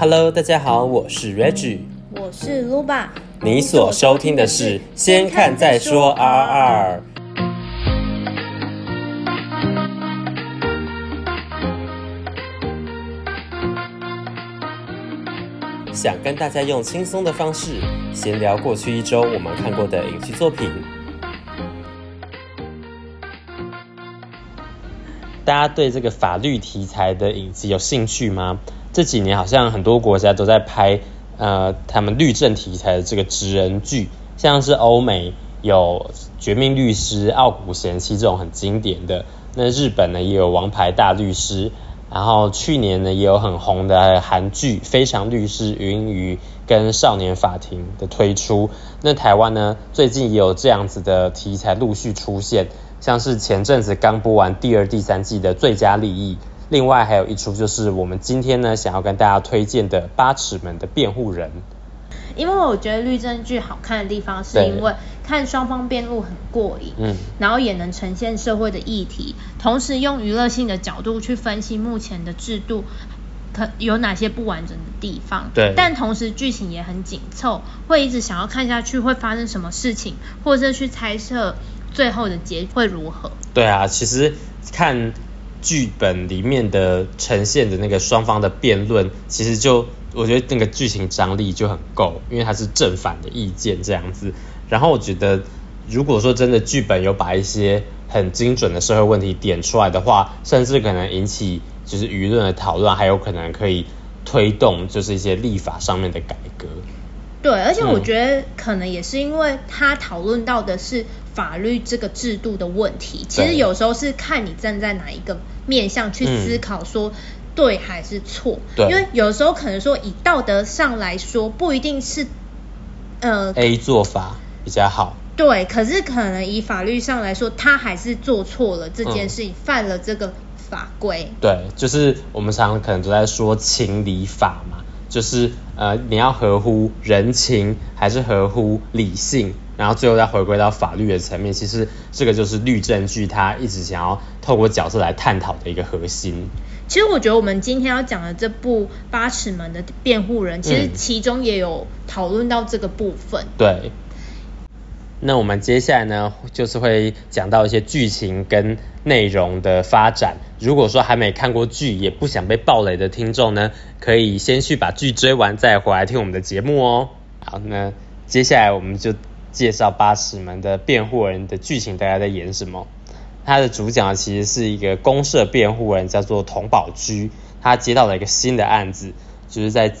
Hello，大家好，我是 Reggie，我是 Luba，你所收聽的是先看再說 R R。 想跟大家用輕鬆的方式閒聊過去一周我們看過的影劇作品。大家對這個法律題材的影集有興趣嗎？這幾年好像很多國家都在拍呃，他們律政題材的這個職人劇，像是歐美有《絕命律師》奧古《傲骨賢妻》這種很經典的，那日本呢也有《王牌大律師》，然後去年呢也有很紅的韓劇《非常律師禹英禑》跟《少年法庭》的推出，那台灣呢最近也有這樣子的題材陸續出現，像是前陣子剛播完第二、第三季的《最佳利益》。另外還有一齣就是我們今天呢想要跟大家推薦的《八尺門的辯護人》，因為我覺得律政劇好看的地方是因為看雙方辯論很過癮，嗯對，然後也能呈現社會的議題，嗯、同時用娛樂性的角度去分析目前的制度，可有哪些不完整的地方，對，但同時劇情也很緊湊，會一直想要看下去會發生什麼事情，或者去猜測最後的結局會如何。對啊，其實看。劇本裡面的呈現的那個雙方的辯論，其實就我覺得那個劇情張力就很夠，因為它是正反的意見這樣子。然後我覺得，如果說真的劇本有把一些很精準的社會問題點出來的話，甚至可能引起就是輿論的討論，還有可能可以推動就是一些立法上面的改革。對，而且我覺得可能也是因為他討論到的是法律這個制度的問題，嗯、其實有時候是看你站在哪一個面向去思考，說對還是錯。對、嗯，因為有時候可能說以道德上來說，不一定是，呃，A 做法比較好。對，可是可能以法律上來說，他還是做錯了這件事情，嗯、犯了這個法規。對，就是我們常可能都在說情理法嘛。就是呃，你要合乎人情，還是合乎理性，然後最後再回歸到法律的層面。其實這個就是《律政劇》它一直想要透過角色來探討的一個核心。其實我覺得我們今天要講的這部《八尺門的辯護人》，其實其中也有討論到這個部分。嗯、對。那我們接下來呢，就是會講到一些劇情跟內容的發展。如果說還沒看過劇，也不想被暴雷的聽眾呢，可以先去把劇追完再回來聽我們的節目哦。好，那接下來我們就介紹《八尺門的辯護人》的劇情，大家在演什麼？他的主角其實是一個公設辯護人，叫做佟寶駒，他接到了一個新的案子，就是在。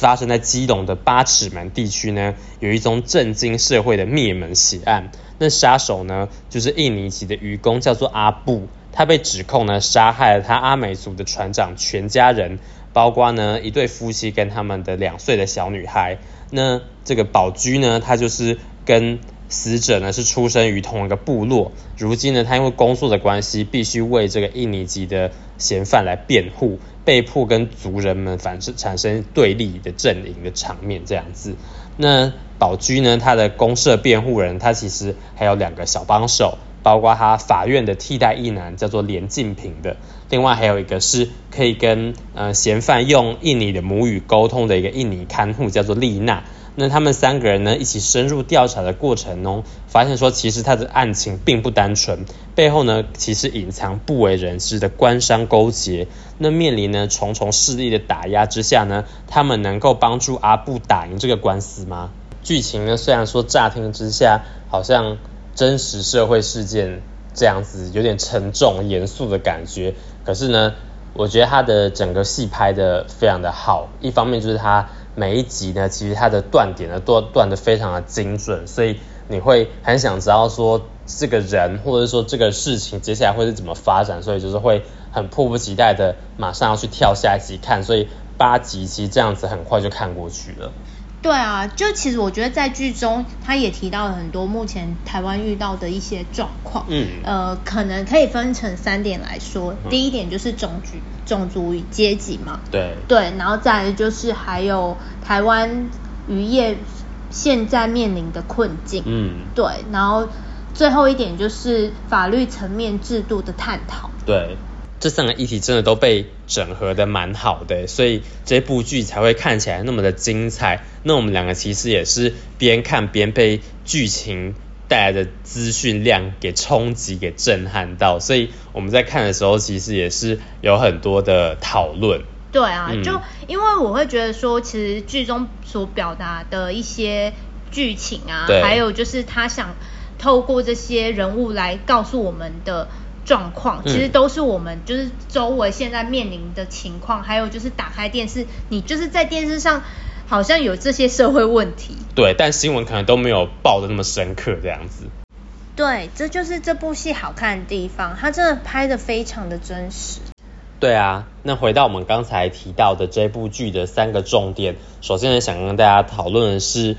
發生在基隆的八尺門地區呢，有一宗震驚社會的滅門血案。那殺手呢，就是印尼籍的漁工，叫做阿布。他被指控呢，殺害了他阿美族的船長全家人，包括呢一對夫妻跟他們的兩歲的小女孩。那這個寶駒呢，他就是跟死者呢是出生於同一個部落，如今呢他因為工作的關係，必須為這個印尼籍的嫌犯來辯護，被迫跟族人們反產生對立的陣營的場面這樣子。那寶駒呢，他的公設辯護人，他其實還有兩個小幫手，包括他法院的替代役男叫做連晉平的，另外還有一個是可以跟呃嫌犯用印尼的母語溝通的一個印尼看護，叫做麗娜。那他們三個人呢，一起深入調查的過程中，哦，發現說其實他的案情並不單純，背後呢其實隱藏不為人知的官商勾結。那面臨呢重重勢力的打壓之下呢，他們能夠幫助阿布打贏這個官司嗎？劇情呢雖然說乍聽之下好像真實社會事件這樣子有點沉重嚴肅的感覺，可是呢，我覺得他的整個戲拍得非常的好，一方面就是他。每一集呢，其實它的斷點呢都斷得非常的精準，所以你會很想知道說這個人或者說這個事情接下來會是怎麼發展，所以就是會很迫不及待的馬上要去跳下一集看，所以八集其實這樣子很快就看過去了。對啊，就其實我覺得在劇中他也提到了很多目前台灣遇到的一些狀況，嗯，呃，可能可以分成三點來說。嗯、第一點就是種族、種族與階級嘛，對對，然後再來就是還有台灣漁業現在面臨的困境，嗯，對，然後最後一點就是法律層面制度的探討，對。這三個議題真的都被整合得蠻好的，欸，所以這部劇才會看起來那麼的精彩。那我們兩個其實也是邊看邊被劇情帶來的資訊量給衝擊、給震撼到，所以我們在看的時候其實也是有很多的討論。對啊，嗯、就因為我會覺得說，其實劇中所表達的一些劇情啊，對還有就是他想透過這些人物來告訴我們的。狀況其實都是我們就是周圍現在面臨的情況，嗯、還有就是打開電視，你就是在電視上好像有這些社會問題。對，但新聞可能都沒有報得那麼深刻這樣子。對，這就是這部戲好看的地方，它真的拍得非常的真實。對啊，那回到我們剛才提到的這部劇的三個重點，首先想跟大家討論的是。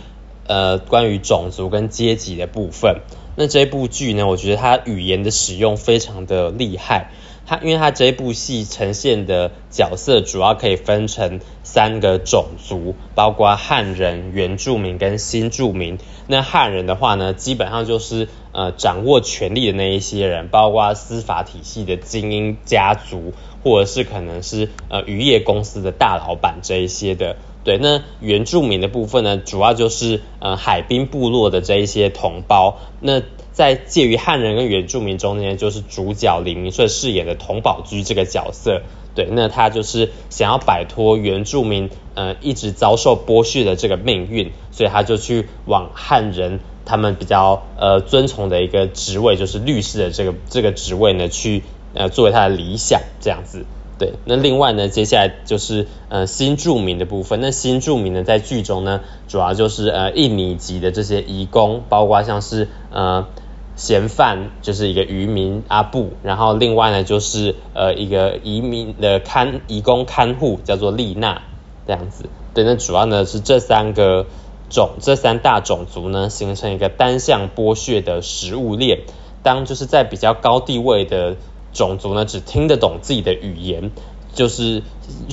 呃，關於種族跟階級的部分，那這部劇呢，我覺得它語言的使用非常的厲害。它因為它這部戲呈現的角色主要可以分成三個種族，包括漢人、原住民跟新住民。那漢人的話呢，基本上就是呃掌握權力的那一些人，包括司法體系的精英家族，或者是可能是呃漁業公司的大老闆這一些的。對，那原住民的部分呢，主要就是呃海濱部落的這一些同胞。那在介於漢人跟原住民中間，就是主角李銘順飾演的佟寶駒這個角色。對，那他就是想要擺脫原住民呃一直遭受剝削的這個命運，所以他就去往漢人他們比較呃尊崇的一個職位，就是律師的這個這個職位呢，去呃作為他的理想這樣子。對，那另外呢，接下來就是呃新住民的部分。那新住民呢，在劇中呢，主要就是呃印尼籍的這些移工，包括像是呃嫌犯，就是一個漁民阿布，然後另外呢就是呃一個移民的看移工看護叫做麗娜這樣子。對，那主要呢是這三個種這三大種族呢，形成一個單向剝削的食物鏈。當就是在比較高地位的，種族呢，只聽得懂自己的語言，就是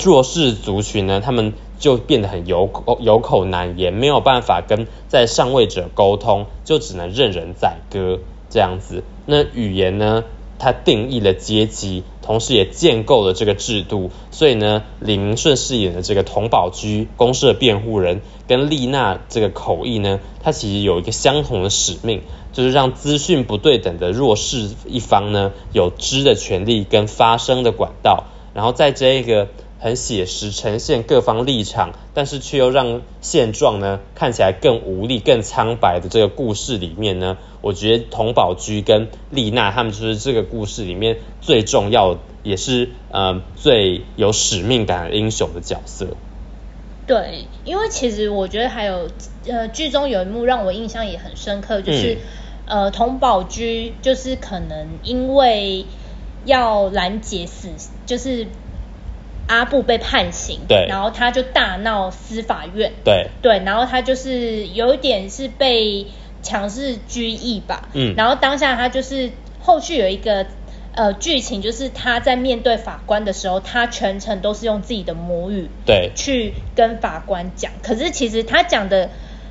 弱勢族群呢，他們就變得很有口有口難言，沒有辦法跟在上位者溝通，就只能任人宰割這樣子。那語言呢，它定義了階級，同時也建構了這個制度。所以呢，李銘順飾演的這個佟寶駒公設辯護人跟莉娜這個口譯呢，他其實有一個相同的使命。就是讓資訊不對等的弱勢一方呢，有知的權利跟發聲的管道。然後，在這一個很寫實呈現各方立場，但是卻又讓現狀呢看起來更無力、更蒼白的這個故事裡面呢，我覺得佟寶駒跟莉娜他們就是這個故事裡面最重要，也是、呃、最有使命感的英雄的角色。對，因為其實我覺得還有呃，劇中有一幕讓我印象也很深刻，就是，嗯呃，佟寶駒就是可能因為要攔截死，就是阿布被判刑，對，然後他就大鬧司法院，對，對，然後他就是有點是被強制拘役吧，嗯，然後當下他就是後續有一個呃劇情，就是他在面對法官的時候，他全程都是用自己的母語對去跟法官講，對可是其實他講的。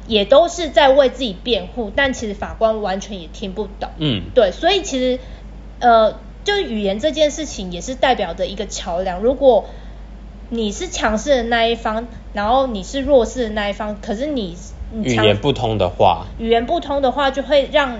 也都是在為自己辯護，但其實法官完全也聽不懂。嗯，對，所以其實呃，就語言這件事情也是代表着一個橋梁。如果你是強勢的那一方，然後你是弱勢的那一方，可是你，你語言不通的話，語言不通的話就會讓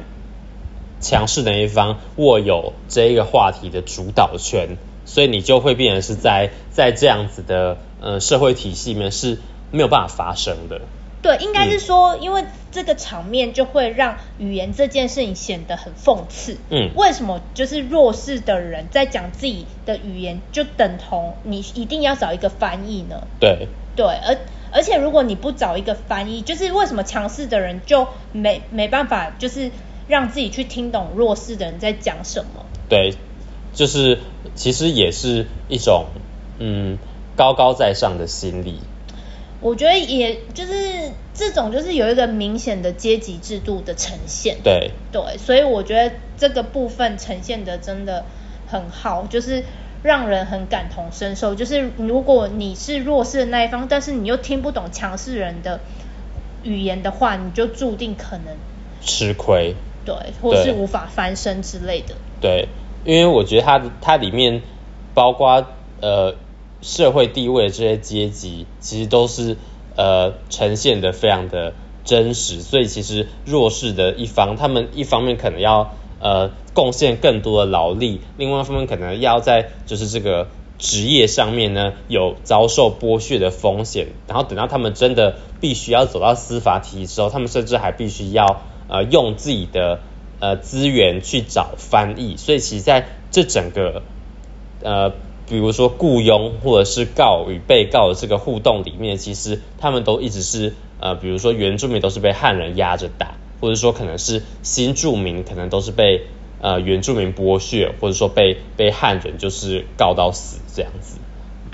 強勢的一方握有這一個話題的主導權，所以你就會變成是在在這樣子的呃社會體系裡面是沒有辦法發生的。對，應該是說，因為這個場面就會讓語言這件事情顯得很諷刺。嗯，為什麼就是弱勢的人在講自己的語言，就等同你一定要找一個翻譯呢？對，對，而而且如果你不找一個翻譯，就是為什麼強勢的人就沒沒辦法，就是讓自己去聽懂弱勢的人在講什麼？對，就是其實也是一種嗯高高在上的心理。我覺得也就是這種，就是有一個明顯的階級制度的呈現。對對，所以我覺得這個部分呈現的真的很好，就是讓人很感同身受。就是如果你是弱勢的那一方，但是你又聽不懂強勢人的語言的話，你就注定可能吃虧，對，或是無法翻身之類的。對，因為我覺得它它裡面包括呃。社會地位這些階級其實都是呃呈現得非常的真實，所以其實弱勢的一方，他們一方面可能要呃貢獻更多的勞力，另外一方面可能要在就是這個職業上面呢有遭受剝削的風險，然後等到他們真的必須要走到司法體系之後，他們甚至還必須要呃用自己的呃資源去找翻譯，所以其實在這整個呃。比如說雇傭，或者是告與被告的這個互動裡面，其實他們都一直是呃，比如說原住民都是被漢人壓着打，或者說可能是新住民可能都是被呃，原住民剝削，或者說被被漢人就是告到死這樣子。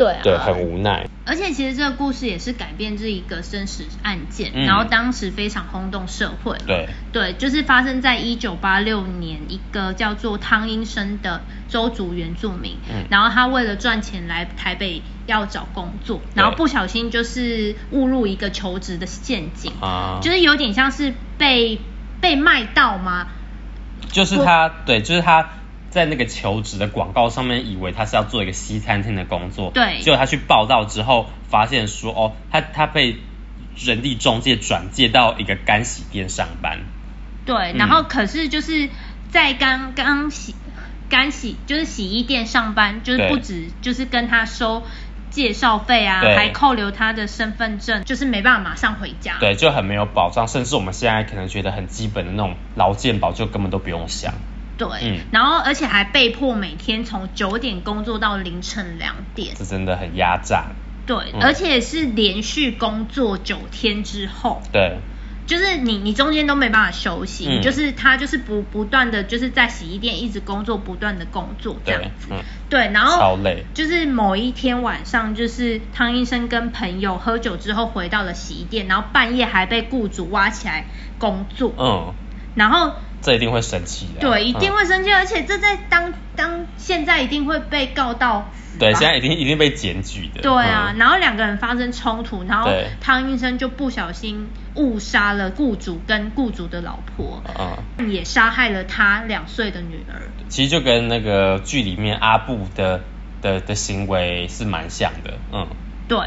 對，啊、對，很無奈。而且其實這個故事也是改編這一個真實案件，嗯、然後當時非常轟動社會。對，對，就是發生在一九八六年，一個叫做湯英伸的鄒族原住民，嗯、然後他為了賺錢來台北要找工作，對然後不小心就是誤入一個求職的陷阱，啊、就是有點像是被被賣到嗎？就是他，不對，就是他。在那個求職的廣告上面，以為他是要做一個西餐廳的工作，對，結果他去報到之後，發現說哦，他他被人力中介轉介到一個乾洗店上班，對，嗯、然後可是就是在剛剛洗乾洗就是洗衣店上班，就是不止就是跟他收介紹費啊，對還扣留他的身份證，就是沒辦法馬上回家，對，就很沒有保障，甚至我們現在可能覺得很基本的那種勞健保，就根本都不用想。對，嗯、然後而且還被迫每天從九點工作到凌晨兩點，是真的很壓榨。對，嗯、而且是連續工作九天之後，對，就是你你中間都沒辦法休息，嗯、就是他就是不不斷的就是在洗衣店一直工作，不斷的工作這樣子。對，嗯、對，然後超累。就是某一天晚上，就是湯英伸跟朋友喝酒之後，回到了洗衣店，然後半夜還被雇主挖起來工作。嗯，然後。這一定會生氣的。對，一定會生氣，嗯、而且這在當當現在一定會被告到。對，現在一定一定被檢舉的。對啊，嗯、然後兩個人發生衝突，然後湯英伸就不小心誤殺了雇主跟雇主的老婆，嗯、也殺害了他兩歲的女兒。其實就跟那個劇裡面阿布的的的行為是蠻像的，嗯。對，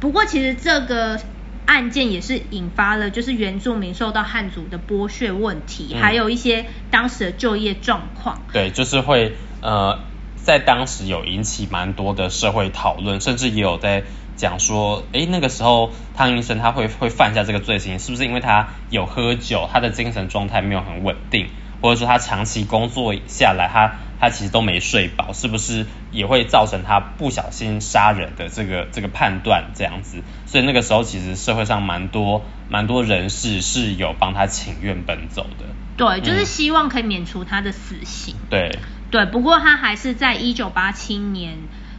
不過其實這個。案件也是引發了，就是原住民受到漢族的剝削問題，還有一些當時的就業狀況。嗯、對，就是會呃，在當時有引起蠻多的社會討論，甚至也有在講說，誒，那個時候湯英伸他會會犯下這個罪行，是不是因為他有喝酒，他的精神狀態沒有很穩定，或者說他長期工作下來他。他其實都沒睡飽，是不是也會造成他不小心殺人的這個這個判斷這樣子？所以那個時候其實社會上蠻多蠻多人士是有幫他請願奔走的。對，就是希望可以免除他的死刑。嗯，對對，不過他還是在一九八七年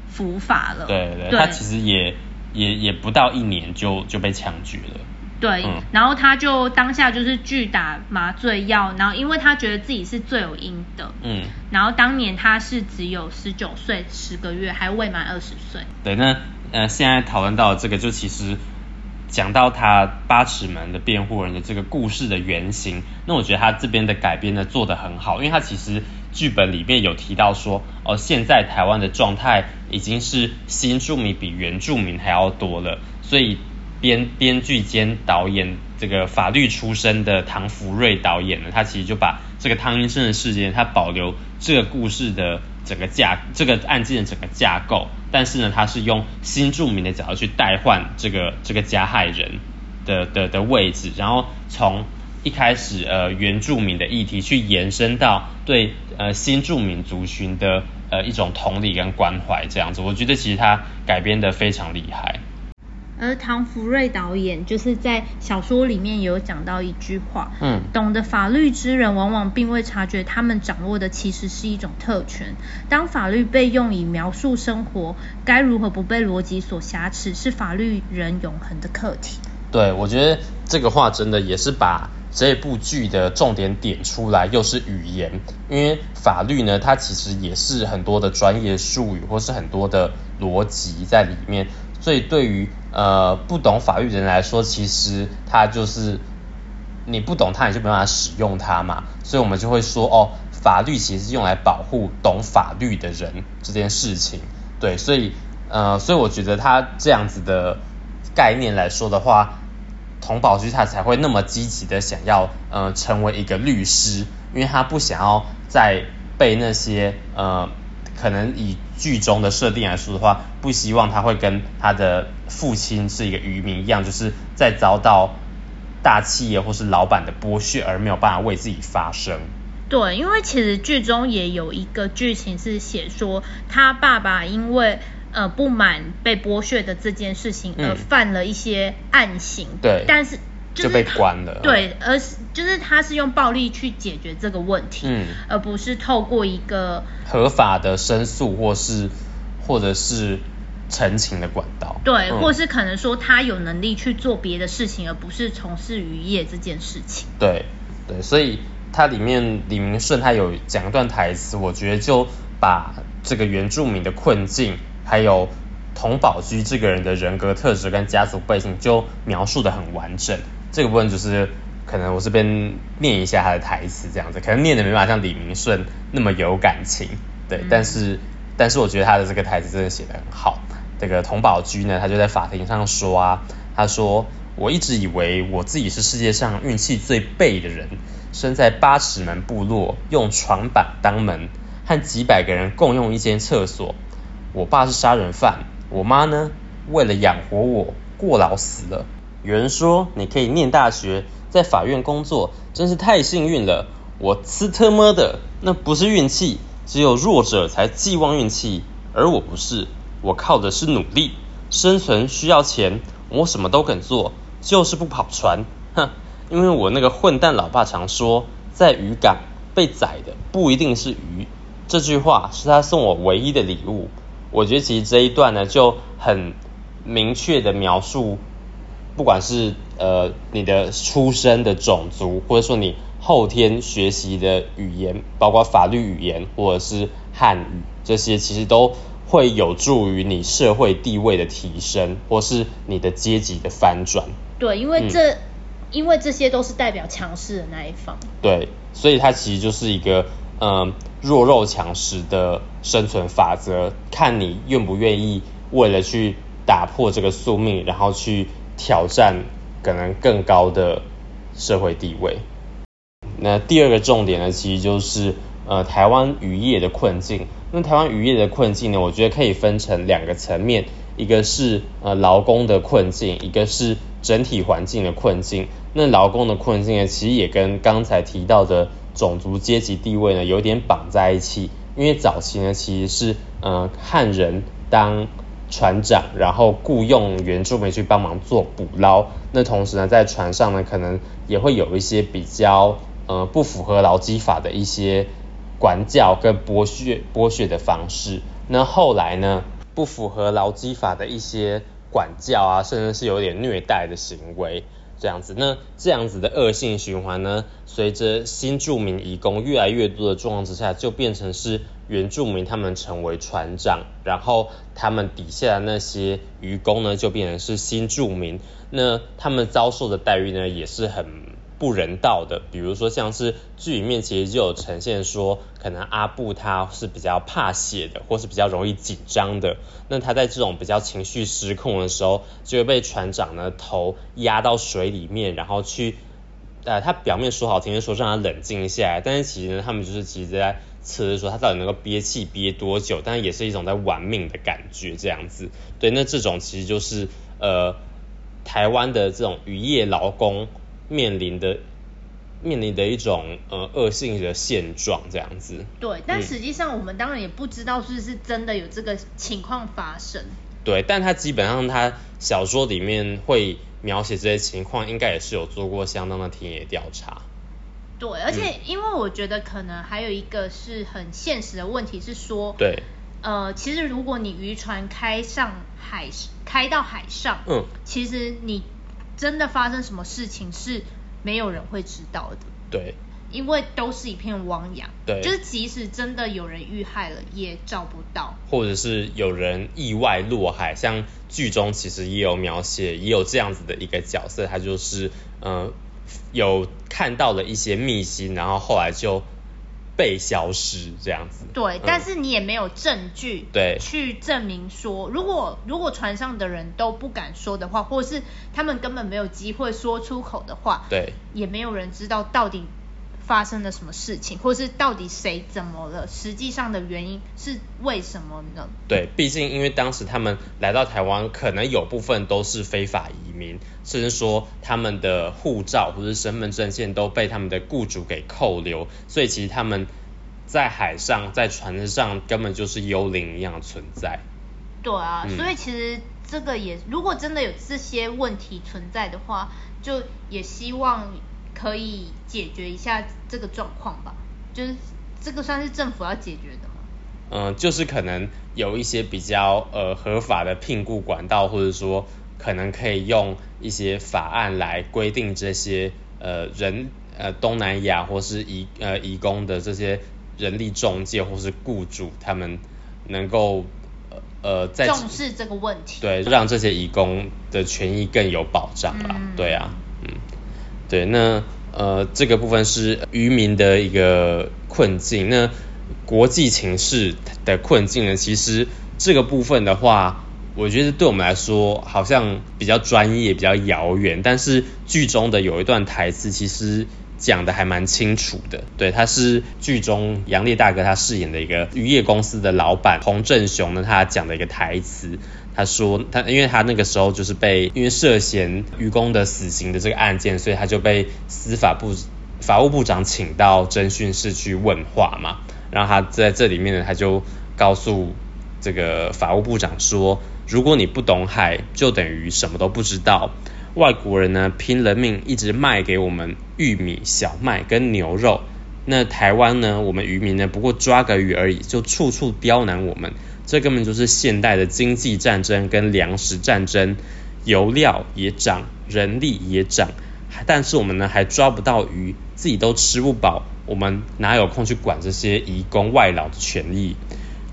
伏法了。對，對對，對，他其實也也也不到一年就就被槍決了。對，嗯，然後他就當下就是拒打麻醉藥，然後因為他覺得自己是罪有應得，嗯，然後當年他是只有十九歲十個月，還未滿二十歲。對，那呃現在討論到這個，就其實講到他八尺門的辯護人的這個故事的原型，那我覺得他這邊的改編呢做得很好，因為他其實劇本裡面有提到說，哦現在台灣的狀態已經是新住民比原住民還要多了，所以。編編劇兼導演，這個法律出身的唐福睿導演呢，他其實就把這個湯英伸的事件，他保留這個故事的整個架，這個案件的整個架構，但是呢，他是用新住民的角度去代換這個這個加害人的的的、的位置，然後從一開始呃原住民的議題去延伸到對呃新住民族群的呃一種同理跟關懷這樣子，我覺得其實他改編得非常厲害。而唐福睿導演就是在小說裡面有講到一句話，嗯，懂得法律之人往往並未察覺，他們掌握的其實是一種特權。當法律被用以描述生活，該如何不被邏輯所挾持，是法律人永恆的課題。對，我覺得這個話真的也是把這部劇的重點點出來，又是語言，因為法律呢，它其實也是很多的專業術語，或是很多的邏輯在裡面，所以對於。呃，不懂法律人來說，其實他就是你不懂他，你就沒辦法使用它嘛。所以我們就會說，哦，法律其實是用來保護懂法律的人這件事情。對，所以呃，所以我覺得他這樣子的概念來說的話，佟寶駒他才會那麼積極的想要呃成為一個律師，因為他不想要再被那些呃。可能以劇中的設定來說的話，不希望他會跟他的父親是一個漁民一樣，就是在遭到大企業或是老闆的剝削而沒有辦法為自己發聲。對，因為其實劇中也有一個劇情是寫說，他爸爸因為呃不滿被剝削的這件事情而犯了一些案情。嗯，對，但是。就是、就被關了，對，嗯、而是就是他是用暴力去解決這個問題，嗯、而不是透過一個合法的申訴，或是或者是陳情的管道，對，嗯、或是可能說他有能力去做別的事情，而不是從事漁業這件事情。對對，所以他裡面李銘順他有講段台詞，我覺得就把這個原住民的困境，還有佟寶駒這個人的人格特質跟家族背景就描述得很完整。這個部分就是可能我這邊念一下他的台詞這樣子，可能念得沒法像李銘順那麼有感情，對，嗯、但是但是我覺得他的這個台詞真的寫得很好。這個佟寶駒呢，他就在法庭上說啊，他說，我一直以為我自己是世界上運氣最背的人，身在八尺門部落，用床板當門，和幾百個人共用一間廁所。我爸是殺人犯，我媽呢為了養活我過勞死了。有人說你可以念大學，在法院工作，真是太幸運了。我吃他媽的，那不是運氣，只有弱者才寄望運氣，而我不是，我靠的是努力。生存需要錢，我什麼都肯做，就是不跑船。哼，因為我那個混蛋老爸常說，在漁港被宰的不一定是魚。這句話是他送我唯一的禮物。我覺得其實這一段呢，就很明確地描述。不管是呃你的出身的種族，或者說你後天學習的語言，包括法律語言或者是漢語這些，其實都會有助於你社會地位的提升，或者是你的階級的翻轉。對，因為這、嗯、因為這些都是代表強勢的那一方。對，所以它其實就是一個嗯、呃、弱肉強食的生存法則，看你願不願意為了去打破這個宿命，然後去。挑戰可能更高的社會地位。那第二個重點呢，其實就是呃台灣漁業的困境。那台灣漁業的困境呢，我覺得可以分成兩個層面，一個是呃勞工的困境，一個是整體環境的困境。那勞工的困境呢，其實也跟剛才提到的種族階級地位呢有點綁在一起，因為早期呢其實是呃漢人當。船長，然後僱用原住民去幫忙做捕撈。那同時呢，在船上呢，可能也會有一些比較，呃，不符合勞基法的一些管教跟剝削剝削的方式。那後來呢，不符合勞基法的一些管教啊，甚至是有點虐待的行為，這樣子。那這樣子的惡性循環呢，隨着新住民移工越來越多的狀況之下，就變成是。原住民他們成為船長，然後他們底下的那些漁工呢，就變成是新住民。那他們遭受的待遇呢，也是很不人道的。比如說，像是劇裡面其實就有呈現說，可能阿布他是比較怕血的，或是比較容易緊張的。那他在這種比較情緒失控的時候，就會被船長呢頭壓到水裡面，然後去。呃，他表面說好聽，說讓他冷靜一下來，但是其實呢，他們就是其實，在測試說他到底能夠憋氣憋多久，但也是一種在玩命的感覺，這樣子。對，那這種其實就是呃，台灣的這種漁業勞工面臨的面臨的一種呃惡性的現狀，這樣子。對，嗯，但實際上我們當然也不知道是不是真的有這個情況發生。對，但他基本上他小說裡面會。描寫這些情況，應該也是有做過相當的田野調查。對，而且因為我覺得可能還有一個是很現實的問題是說，對，呃，其實如果你漁船開上海，開到海上，嗯，其實你真的發生什麼事情是沒有人會知道的。對。因為都是一片汪洋，對，就是即使真的有人遇害了，也找不到，或者是有人意外落海，像劇中其實也有描寫，也有這樣子的一個角色，他就是嗯、呃、有看到了一些密信，然後後來就被消失這樣子。對，嗯、但是你也沒有證據，對，去證明說對如果如果船上的人都不敢說的話，或者是他們根本沒有機會說出口的話，對，也沒有人知道到底。發生了什麼事情，或者是到底誰怎麼了？實際上的原因是為什麼呢？對，畢竟因為當時他們來到台灣，可能有部分都是非法移民，甚至說他們的護照或者身份證件都被他們的雇主給扣留，所以其實他們在海上，在船上根本就是幽靈一樣存在。對啊，嗯、所以其實這個也如果真的有這些問題存在的話，就也希望。可以解決一下這個狀況吧，就是這個算是政府要解決的嗎？嗯、呃，就是可能有一些比較呃合法的聘雇管道，或者說可能可以用一些法案來規定這些呃人呃東南亞或是移呃移工的這些人力中介或是雇主，他們能夠呃呃在重視這個問題，對，讓這些移工的權益更有保障了，嗯、對啊，嗯。對，那呃，這個部分是漁民的一個困境。那國際情勢的困境呢？其實這個部分的話，我覺得對我們來說好像比較專業、比較遙遠。但是劇中的有一段台詞，其實講的還蠻清楚的。對，他是劇中楊烈大哥他飾演的一個漁業公司的老闆洪振雄呢，他講的一個台詞。他說，他因為他那個時候就是被因為涉嫌漁工的死刑的這個案件，所以他就被司法部法務部長請到偵訊室去問話嘛。然後他在這裡面呢，他就告訴這個法務部長說，如果你不懂海，就等於什麼都不知道。外國人呢，拼了命一直賣給我們玉米、小麥跟牛肉。那台灣呢？我們漁民呢？不過抓個魚而已，就處處刁難我們。這根本就是現代的經濟戰爭跟糧食戰爭，油料也漲，人力也漲，但是我們呢還抓不到魚，自己都吃不飽，我們哪有空去管這些移工外勞的權益？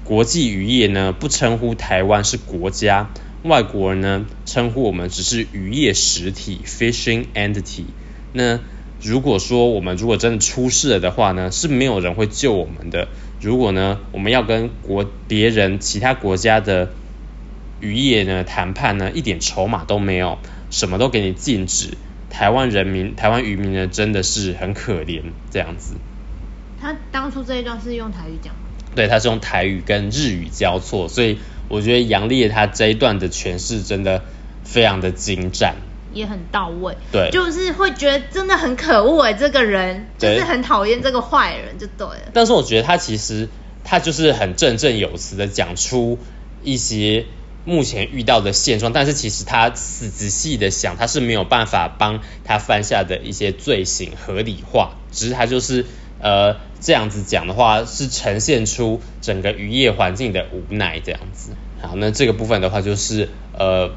國際漁業呢不稱呼台灣是國家，外國人呢稱呼我們只是漁業實體 （fishing entity）。那。如果說我們如果真的出事了的話呢，是沒有人會救我們的。如果呢，我們要跟國別人、其他國家的漁業呢談判呢，一點籌碼都沒有，什麼都給你禁止，台灣人民、台灣漁民呢真的是很可憐這樣子。他當初這一段是用台語講的。對，他是用台語跟日語交錯，所以我覺得楊烈他這一段的詮釋真的非常的精湛。也很到位，對，就是會覺得真的很可惡哎、欸，這個人對就是很討厭這個壞人，就對。但是我覺得他其實他就是很振振有詞的講出一些目前遇到的現狀，但是其實他仔仔細的想，他是沒有辦法幫他犯下的一些罪行合理化，只是他就是呃這樣子講的話，是呈現出整個漁業環境的無奈這樣子。好，那這個部分的話就是呃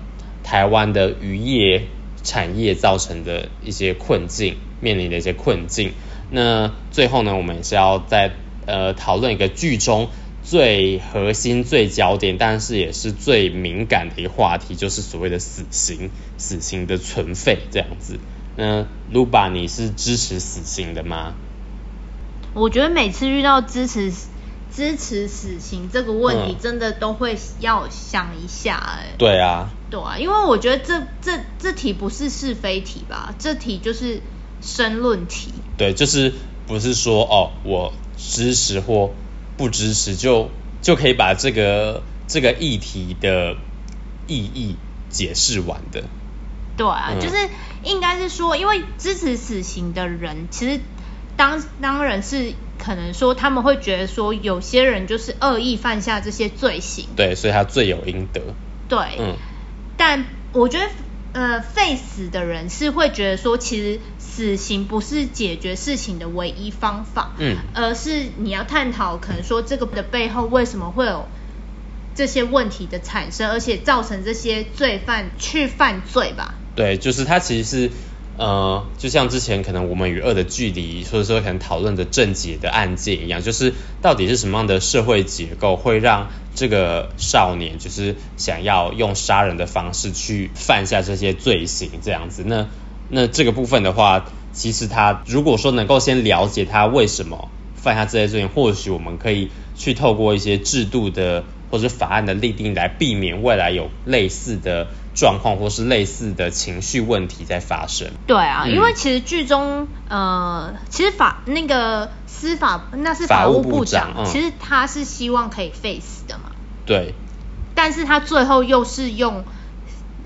台灣的漁業。產業造成的一些困境，面臨的一些困境。那最後呢，我們也是要再呃討論一個劇中最核心、最焦點，但是也是最敏感的一個話題，就是所謂的死刑，死刑的存廢這樣子。那盧巴，你是支持死刑的嗎？我覺得每次遇到支持。支持死刑這個問題，真的都會要想一下，哎、嗯。對啊。對啊，對啊，因為我覺得這這這題不是是非題吧？這題就是申論題。對，就是不是說哦，我支持或不支持就，就就可以把這個這個議題的意義解釋完的。對啊，嗯、就是應該是說，因為支持死刑的人，其實當當然是。可能說他們會覺得說有些人就是惡意犯下這些罪行，對，所以他罪有應得。對，嗯，但我覺得呃，廢死的人是會覺得說，其實死刑不是解決事情的唯一方法，嗯，而是你要探討可能說這個的背後為什麼會有這些問題的產生，而且造成這些罪犯去犯罪吧？對，就是他其實是。呃，就像之前可能我們與惡的距離，所以說可能討論的鄭捷的案件一樣，就是到底是什麼樣的社會結構會讓這個少年就是想要用殺人的方式去犯下這些罪行這樣子？那那這個部分的話，其實他如果說能夠先了解他為什麼犯下這些罪行，或許我們可以去透過一些制度的或者法案的立定來避免未來有類似的。狀況或是類似的情緒問題在發生。對啊，嗯、因為其實劇中呃，其實法那個司法，那是法務部長，部長嗯、其實他是希望可以廢死的嘛。對。但是他最後又是用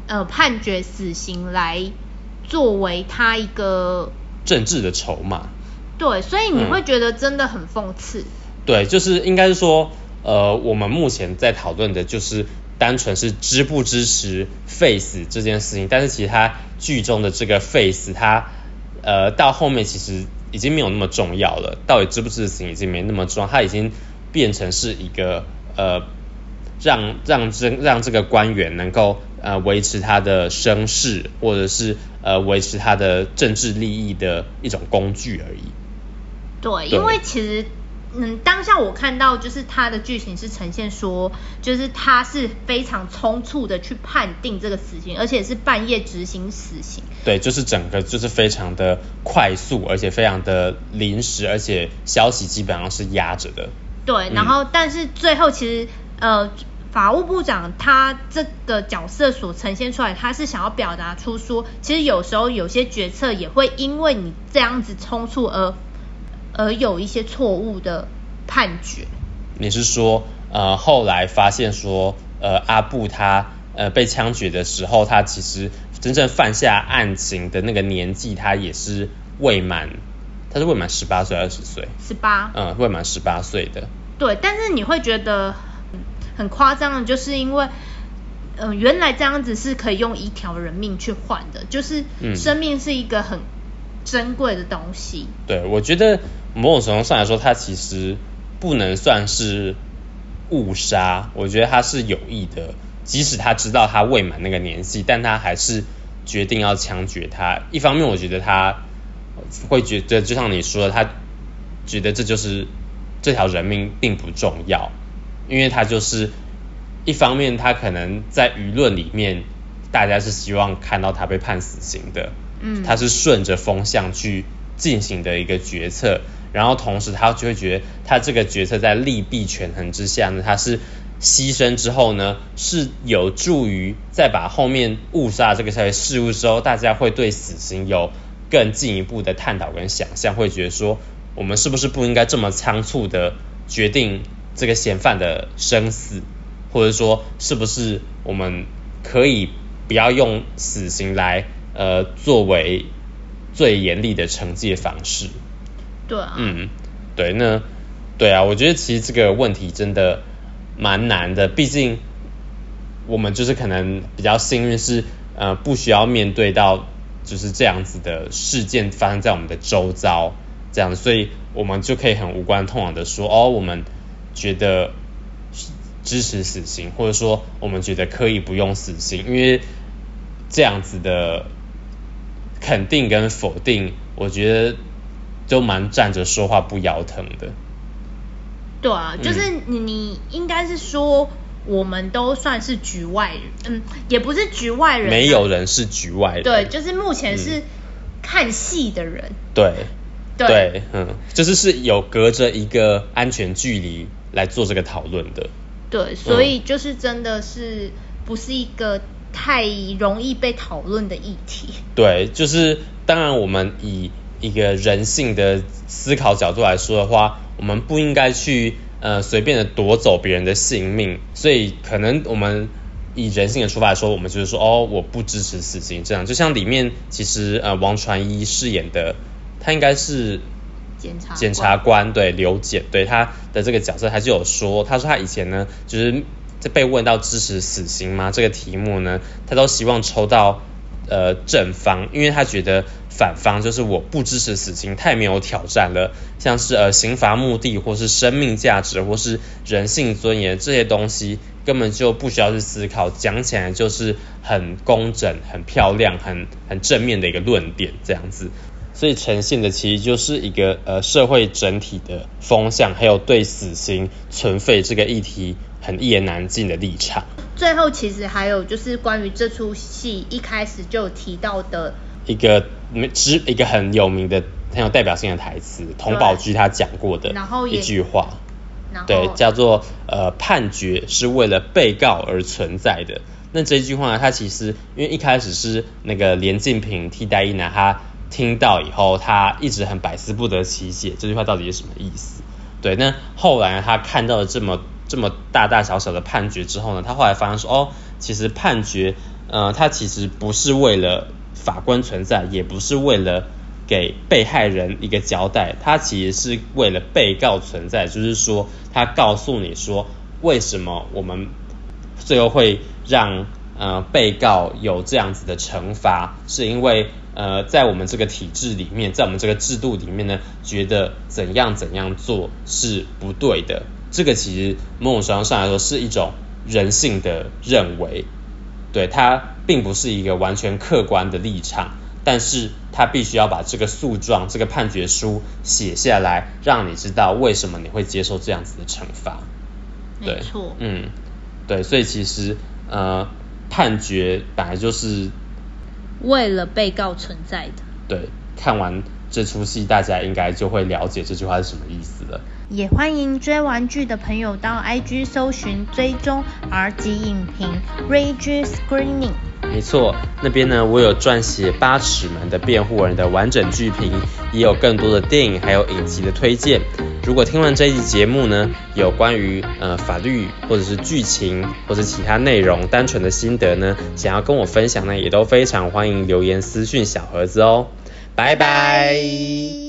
呃判決死刑來作為他一個政治的籌碼。對，所以你會覺得真的很諷刺。嗯、對，就是應該是說呃，我們目前在討論的就是。單純是支不支持死刑這件事情，但是其實他劇中的這個死刑，他呃到後面其實已經沒有那麼重要了，到底支不支持已經沒那麼重要，他已經變成是一個呃讓讓這讓這個官員能夠呃維持他的聲勢，或者是呃維持他的政治利益的一種工具而已。對，對，因為其實。嗯，當下我看到就是他的劇情是呈現說，就是他是非常匆促的去判定這個死刑，而且是半夜執行死刑。對，就是整個就是非常的快速，而且非常的臨時，而且消息基本上是壓着的。對，然後、嗯、但是最後其實呃，法務部長他這個角色所呈現出來，他是想要表達出說，其實有時候有些決策也會因為你這樣子匆促而。而有一些錯誤的判決。你是說，呃，後來發現說，呃，阿布他呃被槍決的時候，他其實真正犯下案情的那個年紀，他也是未滿，他是未滿十八歲，二十歲，十八，嗯，未滿十八歲的。對，但是你會覺得很誇張，就是因為，嗯、呃，原來這樣子是可以用一條人命去換的，就是生命是一個很珍貴的東西。嗯、對，我覺得。某種程度上來說，他其實不能算是誤殺。我覺得他是有意的，即使他知道他未滿那個年紀，但他還是決定要槍決他。一方面，我覺得他會覺得，就像你說的，他覺得這就是這條人命並不重要，因為他就是一方面，他可能在輿論裡面，大家是希望看到他被判死刑的。嗯，他是順着風向去進行的一個決策。然後同時，他就會覺得，他這個決策在利弊權衡之下呢，他是犧牲之後呢，是有助於在把後面誤殺這個社會事物之後，大家會對死刑有更進一步的探討跟想象，會覺得說，我們是不是不應該這麼倉促的決定這個嫌犯的生死，或者說，是不是我們可以不要用死刑來呃作為最嚴厲的懲戒方式？對啊，嗯，對，那，對啊，我覺得其實這個問題真的蠻難的，畢竟我們就是可能比較幸運是，是呃不需要面對到就是這樣子的事件發生在我們的周遭，這樣，所以我們就可以很無關痛癢的說，哦，我們覺得支持死刑，或者說我們覺得可以不用死刑，因為這樣子的肯定跟否定，我覺得。都蠻站着說話不腰疼的。對啊，就是你，你應該是說，我們都算是局外人，嗯，也不是局外人，沒有人是局外人，對，就是目前是看戲的人，對、嗯，對，對嗯，就是是有隔着一個安全距離來做這個討論的，對，所以就是真的是不是一個太容易被討論的議題、嗯，對，就是當然我們以。一個人性的思考角度來說的話，我們不應該去呃隨便的奪走別人的性命，所以可能我們以人性的出發來說，我們就是說哦，我不支持死刑。這樣就像裡面其實呃王傳一飾演的他應該是檢察檢察官對劉檢對他的這個角色，他就有說，他說他以前呢就是在被問到支持死刑嗎這個題目呢，他都希望抽到呃正方，因為他覺得。反方就是我不支持死刑，太沒有挑戰了。像是呃刑罰目的或是生命價值或是人性尊嚴這些東西，根本就不需要去思考，講起來就是很工整、很漂亮、很很正面的一個論點這樣子。所以呈現的其實就是一個呃社會整體的風向，還有對死刑存廢這個議題很一言難盡的立場。最後其實還有就是關於這齣戲一開始就提到的一個。沒只一個很有名的、很有代表性的台詞，佟寶駒他講過的一句話，對、對，叫做呃，判決是為了被告而存在的。那這句話呢，他其實因為一開始是那個連晉平替代役男，他聽到以後，他一直很百思不得其解，這句話到底是什麼意思？對，那後來他看到了這麼這麼大大小小的判決之後呢，他後來發現說，哦，其實判決，呃，他其實不是為了。法官存在也不是為了給被害人一個交代，他其實是為了被告存在，就是說他告訴你說為什麼我們最後會讓呃被告有這樣子的懲罰，是因為呃在我們這個體制裡面，在我們這個制度裡面呢，覺得怎樣怎樣做是不對的，這個其實某種程度上來說是一種人性的認為，對，他。並不是一個完全客觀的立場，但是他必須要把這個訴狀、這個判決書寫下來，讓你知道為什麼你會接受這樣子的懲罰。對，沒錯，嗯，對，所以其實呃，判決本來就是為了被告存在的。對，看完這出戲，大家應該就會了解這句話是什麼意思了。也歡迎追完劇的朋友到 IG 搜尋追蹤 R 級影評 Rage Screening。沒錯，那邊呢，我有撰寫《八尺門的辯護人》的完整劇評，也有更多的電影還有影集的推薦。如果聽完這一集節目呢，有關於呃法律或者是劇情或者是其他內容單純的心得呢，想要跟我分享呢，也都非常歡迎留言私訊小盒子哦。拜拜。